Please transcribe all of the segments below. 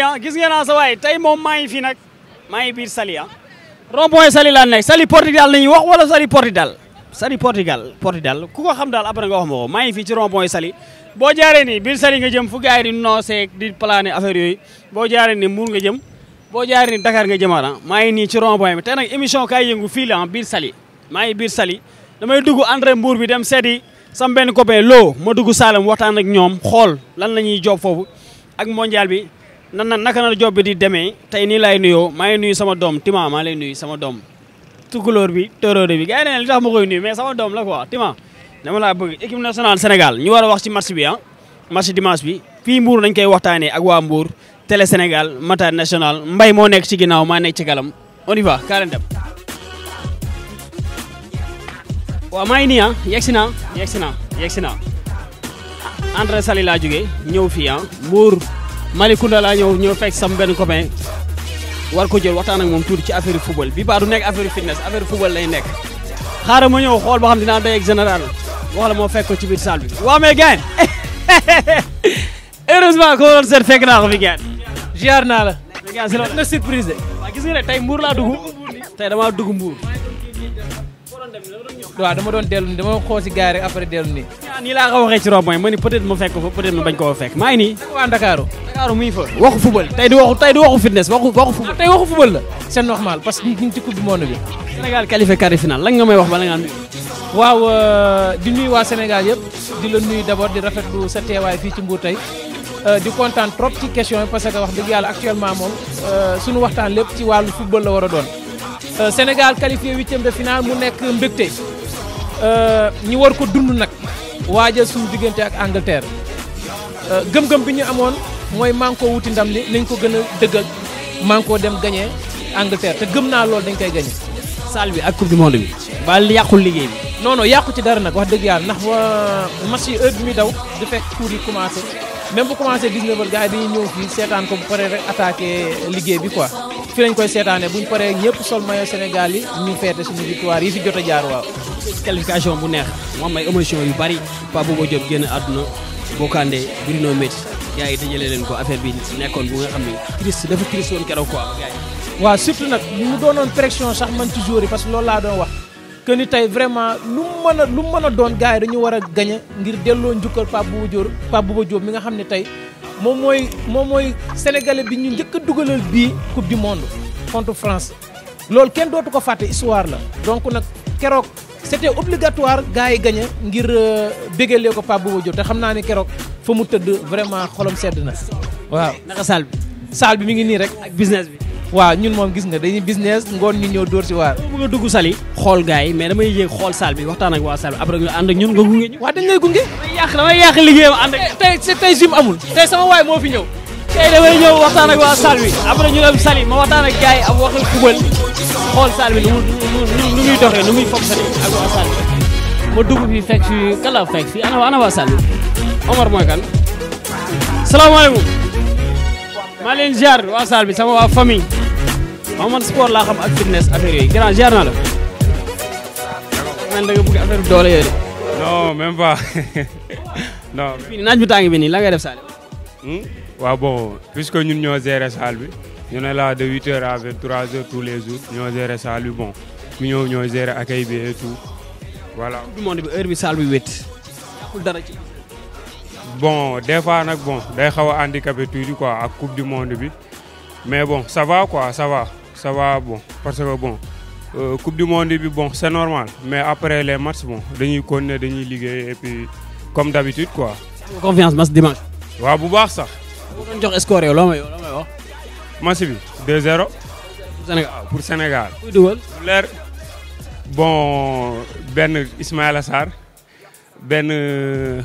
Salia gis ngeen naa sa waay tey moom maa ngi fii nag maa ngi biir Salia rond-point sali laan nekk Saly Portudal la ñuy wax wala Saly Portudal Saly Portugal Portudal ku ko xam daal après nga wax ma ko maa ngi fii ci rond-point Saly boo jaaree nii biir Saly nga jëm fu gars yi di nooseeg di plané affaire yooyu boo jaaree nii Mbour nga jëm boo jaaree nii Dakar nga jëmaat ah maa ngi nii ci rond-point bi te nag émission kaay yëngu fii la ah, biir sali maa ngi biir Saly damay dugg entrée Mbour bi dem seeti sam benn copain loo ma dugg Saalum waxtaan ak ñoom xool lan la ñuy job foofu ak mondial bi nan na naka na job bi di demee tey nii laay nuyoo maa ngi nuyu sama doom Tima maa lay nuyu sama doom tukulóor bi tóoróore bi gars yi ma koy nuyu mais sama doom la quoi Tima dama laa bëgg équipe nationale Sénégal ñu war a wax ci match bi ah match bi fii Mbour nañ koy waxtaanee waa Mbour Télé Sénégal Matin National Mbaye moo nekk ci ginnaaw maa ci kalam on y va maa ngi nii ah yegg si naa yegg si Sali laa jógee ñëw fii ah Mbour Malicounda laa ñëw ñëw fekk sam benn copain war ko jël waxtaan ak moom tuuti ci affaire football bi baa du nekk affaire fitness affaire football lay nekk xaaral ma ñëw xool boo xam dinaa doy ak général wax la moo fekk ko ci biir salle bi. waaw mais gaañ heureusement ko waroon seet fekk naa ko fi gaañ. ziar naa la. mais gaañ si la na surprise de. nga ne tey mbuur laa dugg tey damaa dugg mbuur. waaw dama doon dellu nii dama xoo si gars après dellu nii. nii laa ko waxee ci rond point ma ni peut ma fekk ko peut ma bañ koo fekk maa nii. Ndakaaru. muy fa waxu football tey di waxu fitness waxu waxu la. c'est normal parce que ñu ngi ci coupe du monde bi. Sénégal qualifié quart de finale lan nga may wax bala ngaa nuyu. waaw euh, di nuyu waa Sénégal yëpp di la nuyu d'abord di rafetlu sa teewaay fii ci Mbour tey euh, di kontaan trop ci question yi parce que wax dëgg yàlla actuellement moom euh, suñu waxtaan lépp ci wàllu football war doon Euh, Sénégal qualifié huitième de finale mu nekk mbégte euh, ñu war ko dund nag waaja suñu diggante ak Angleterre euh, gëm-gëm bi ñu amoon mooy maa wuti ndam li nañ ko gën a dëggal maa ngi koo dem gagné Angleterre te gëm naa loolu dañ koy gagné. salle bi ak coupe du monde bi. ba yàqul liggéey bi. non yàqu ci dara nag wax dëgg yàlla ndax wa match yi heure bi muy daw du fekk cours yi commencé. même bu commencé 19h gars yi dañuy ñëw fii seetaan ko bu paree rek attaqué liggéey bi quoi fi lañ koy seetaanee buñ paree ñëpp sol maillot Sénégal ñu feete suñu victoire yi fi jot a jaar waaw. qualification bu neex moom am ay émotion yu bari Pape Bouba Diop génn àdduna Bokande Bruno Metty gars yi dajale leen ko affaire bi nekkoon bu nga xam ne triste dafa triste woon keroog quoi. waaw surtout nag mu doonoon pression sax man ci joueur parce que loolu laa doon wax. que ni tey vraiment lu mën a lu mën a doon gars yi dañu war a gañe ngir delloo njukkal Pape Bouba Diop Pape Bouba Diop mi nga xam ne tey moom mooy moom mooy sénégalais bi ñu njëkk a dugalal bii coupe du monde contre France loolu kenn dootu ko fàtte histoire la donc nag keroog c'était obligatoire gars yi gañe ngir euh, bégalee ko Pape Bouba Diop te xam naa ne keroog fa mu tëdd vraiment xolam sedd na waaw naka saal bi saal bi mu ngi nii rek ak business bi waaw ñun moom gis nga dañuy business ngoon ñu ñëw dóor si waar bëgg a dugg sali xool gars yi mais damay yéeg xool salle bi waxtaan ak waa salle bi après ñu ànd ak ñun nga gunge ñu waaw dañ lay gunge damay yàq amul tey moo fi ñëw tey damay ñëw waxtaan ak waa sali ma waxtaan ak gars yi am waxal xool salle bi nu nu muy doxee nu muy fonctionné ak waa salle bi ma dugg fi fekk fi kan la fekk fi ana ana waa salle bi Omar mooy kan salaamaaleykum maa leen ziar waa salle bi sama waa famille moom man sport laa xam ak fitness affaire yooyu grand jaar naa la. man da nga bëgg affaire doole yooyu non même pas non. fii naaj bu tàng bi nii la ngay def salle hmm? waaw bon puisque ñun ñoo gérer salle bi ñu ne la de huit heures à vingt trois heures tous les jours ñoo gérer salle bi bon ku ñëw ñoo gérer accueil bi et tout voilà. bon des fois nag bon day xaw a handicapé tuuti quoi ak coupe du monde bi mais bon ça va quoi ça va bon parce que bon euh, coupe du monde bi bon c'est normal mais après les matchs bon dañuy continuer dañuy liggéey et puis comme d'habitude quoi. confiance match dimanche. waaw bu baax sax. bu jox score yow loo may loo may wax. match bi 2-0. Sénégal pour Sénégal. Ah, bon benn Ismaïla Sarr benn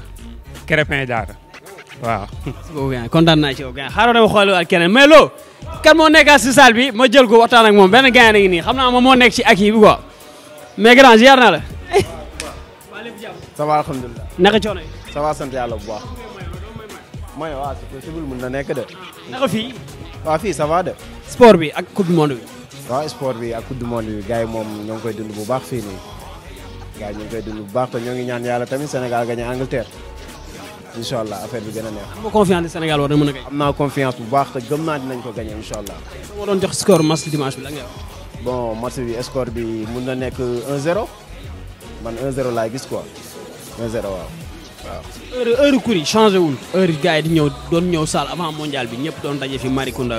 Krépin Diatta waaw. kontaan naa ci yow gars xaaral dama xool waat keneen mais loo. kan moo nekkaat si salle bi ma jël ko waxtaan ak moom benn gars yi nii xam naa moom moo nekk ci ak yi bi quoi mais grand ziar na la. ça va alhamdulilah. naka yi. ça va sant bu baax. mooy waaw c'est possible mën na nekk de. naka fii. fii ça sport bi ak coupe du monde bi. waaw sport bi ak coupe du monde bi gars moom ñoo ngi koy dund bu baax fii nii. gars yi ngi koy dund bu baax te ñoo ngi ñaan yàlla tamit senegal gagné Angleterre. incha allah affaire bi gën a neex. am nga na mën confiance bu baax te gëm naa ko gagné incha allah. moo doon jox score match dimanche bi la nga bon match bi score bi mun na nekk 1-0 man 1-0 laa gis quoi 1-0 waaw. waaw heure heure kur yi changé wul. heure yi gars yi di ñëw doon ñëw salle avant mondial bi ñëpp doon daje fi Maricounda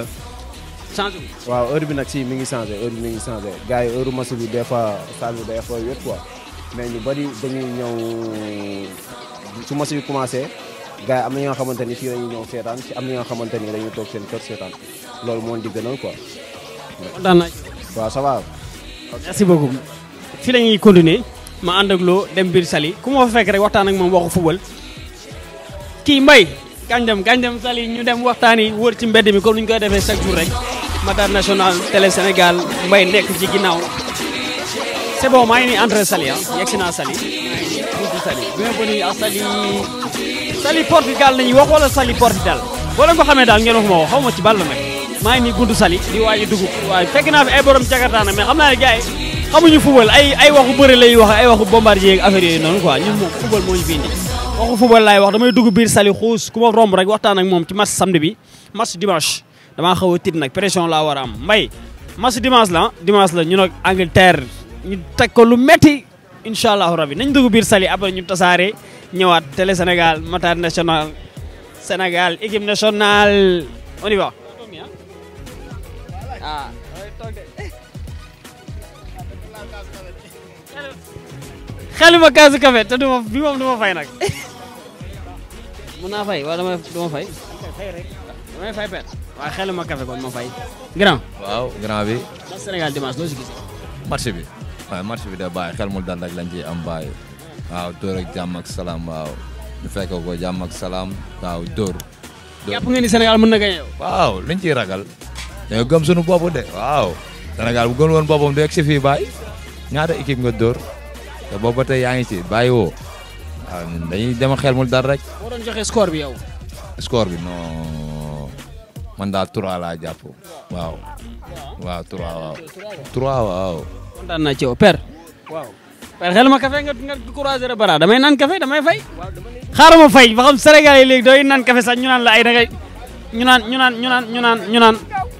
changé wul. waaw heure bi nag si mi ngi changé heure bi mi ngi changé gars yi heure match bi des fois salle bi day xaw a wéet mais ñu bari dañuy ñëw su match bi commencé. gars yi am na ñoo xamante ni fii lañu ñëw seetaan ci am na ñoo xamante ni dañu toog seen kër seetaan loolu moo di gënal quoi. kontaan naa waaw merci beaucoup. fii la ñuy continuer ma ànd ak loo dem biir Saly ku ma fa fekk rek waxtaan ak moom waxu football kii Mbaye kañ dem kañ dem Saly ñu dem waxtaan yi wër ci mbedd mi comme ni ñu koy defee chaque jour rek Matar National Télé Sénégal mbay nekk ci ginnaaw sebo ma maa ngi nii entré Saly ah yegg naa Saly. Sali Portugal lañuy wax wala Sali Portugal boo leen ko xamee daal ngeen ma ko xaw ma ci bàll nag maa ngi nii gundu Sali di waaj a dugub waaye fekk naa fi ay borom jakartaana mais xam naa ne gars xamuñu football ay ay waxu bëri lay wax ay waxu bombardier ak affaire yooyu noonu quoi ñun moom waxu football laay wax damay dugg biir Sali xuus ku ma romb rek waxtaan ak moom ci match samedi bi match dimanche damaa xaw a tiit nag pression laa war a am mbay match dimanche la dimanche la ñu nag Angleterre ñu teg ko lu metti incha allah rabbi nañ dugg biir Sali après ñu tasaare ñëwaat Télé Sénégal Matar national Sénégal équipe nationale on y va. ah. xeluma kaasu café du ma fay nag. mën naa fay wala du ma fay. damay fay pet. waaw xeluma café kon ma fay. grand. waaw grand bi. Sénégal dimanche loo si gis. match bi waaw bi da bàyyi xel mu dal rek lañ ciy am bàyyi. waaw dóor ak jàmm ak salaam waaw ñu fekk ko jàmm ak salaam waaw dóor. dóor jàpp ngeen ni Sénégal na gañe waaw liñ ciy ragal. dañoo gëm suñu bopp de waaw. Sénégal bu gën woon boppam du egg si fii baay ñaata équipe nga dóor te boobu ba tey yaa ngi ci bàyyi dañuy dem xel mu dara rek. moo doon joxe score bi yow. score bi non man daal 3 laa jàpp waaw. waaw 3 waaw. 3 waaw. kontaan waaw par xel ma café nga nga croiser bara damay naan café damay fay. xaaral ma fay ba xam Sénégal yi léegi dooy naan café sax ñu naan la ay dangay ñu naan ñu naan ñu naan ñu naan ñu naan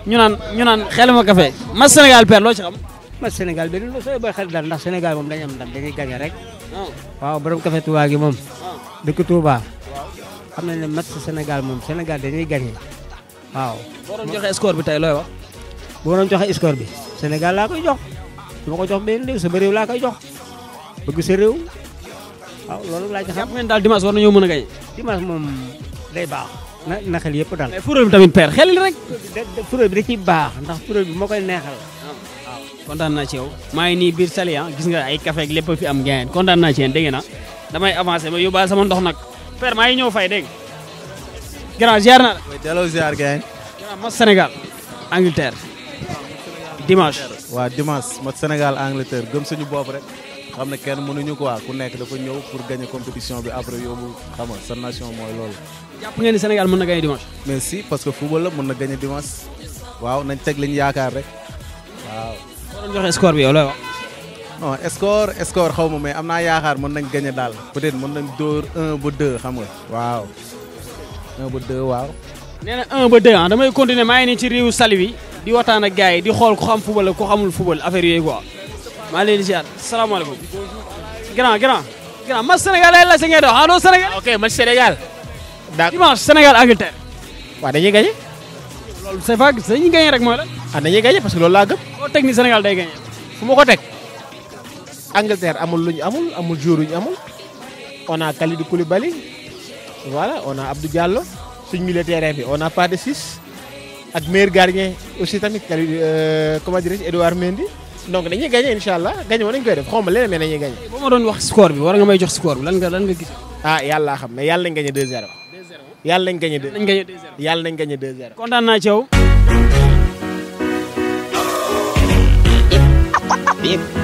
ñu naan ñu naan xel ma café ma Sénégal père loo ci xam. ma Sénégal benn loo sooy booy xel dal ndax Sénégal moom dañu am ndam dañuy gagné rek. Oh. waaw borom café Touba gi moom. Oh. dëkk Touba. xam nañ ne match Sénégal moom Sénégal dañuy gagné waaw. boo doon joxe score bi tey looy wax. boo doon joxe score bi Sénégal laa koy jox su ma ko jox benn réew sama réew laa koy jox bëgg sa réew waaw loolu laaj xam ngeen daal dimanche war nañoo mën a gañe dimanche moom day baax na xel yëpp daal furée bi tamit père xel rek furée bi da ciy baax ndax furée bi moo koy neexal waaw kontaan naa ci yow maa ngi nii biir salian ah, gis nga ay café ak lépp fi am gaen kontaan naa ci yéen dégg na ah. damay avancé ma yóbbaale sama ndox nag père maa ngi ñëw fay dégg grand ziar naa la delloo ziar gaen grand match Sénégal Angleterre dimanche waaw dimanche match Sénégal Angleterre gëm suñu bopp rek xam ne kenn mënuñu quoi ku nekk dafa ñëw pour gagner compétition bi après yóbbu xam nga sa nation mooy loolu. jàpp ngeen ni Sénégal mën na gagner dimanche. mais si parce que football la mën na gagner dimanche. waaw nañ teg liñ yaakaar rek waaw. boo joxe score bi yow looy wax. non xaw ma mais am naa yaakaar mën nañ gagner daal peut-être mën nañ dóor 1 ba 2 xam nga. waaw 1 ba 2 waaw. nee na 1 ba 2 ah damay continuer maa ngi nii ci réewu Saly wi di waxtaan ak yi di xool ku xam football ak ku xamul football affaire yooyu quoi. maa ngi leen di ziar salaamaaleykum. grand grand. grand match Sénégal la si ngay dox allo Sénégal. ok match Sénégal. d'accord dimanche dañuy gagné. loolu c'est vague dañuy gagné rek mooy lan. ah dañuy parce que loolu laa gëm. koo teg ni Sénégal day gagné. fu ma ko teg. Angleterre amul lu ñu amul amul joueur lu amul. on a Kalidou Koulibaly voilà on a Abdou Diallo suñu milieu terrain bi on a pas de six ak meilleur gardien aussi tamit Kalidou euh, comment dirais-je Edouard donc dañuy gagné incha allah gagné woon nañu koy def xaw ma leneen mais dañuy gagné. bu ma doon wax score bi war nga may jox score bi lan nga lan nga gis. ah yàlla xam mais yàlla nañ gagné 2-0. 2-0 yàlla nañ gagné 2. nañ gagné 2-0 yàlla nañ gagné 2-0. kontaan naa ci yow.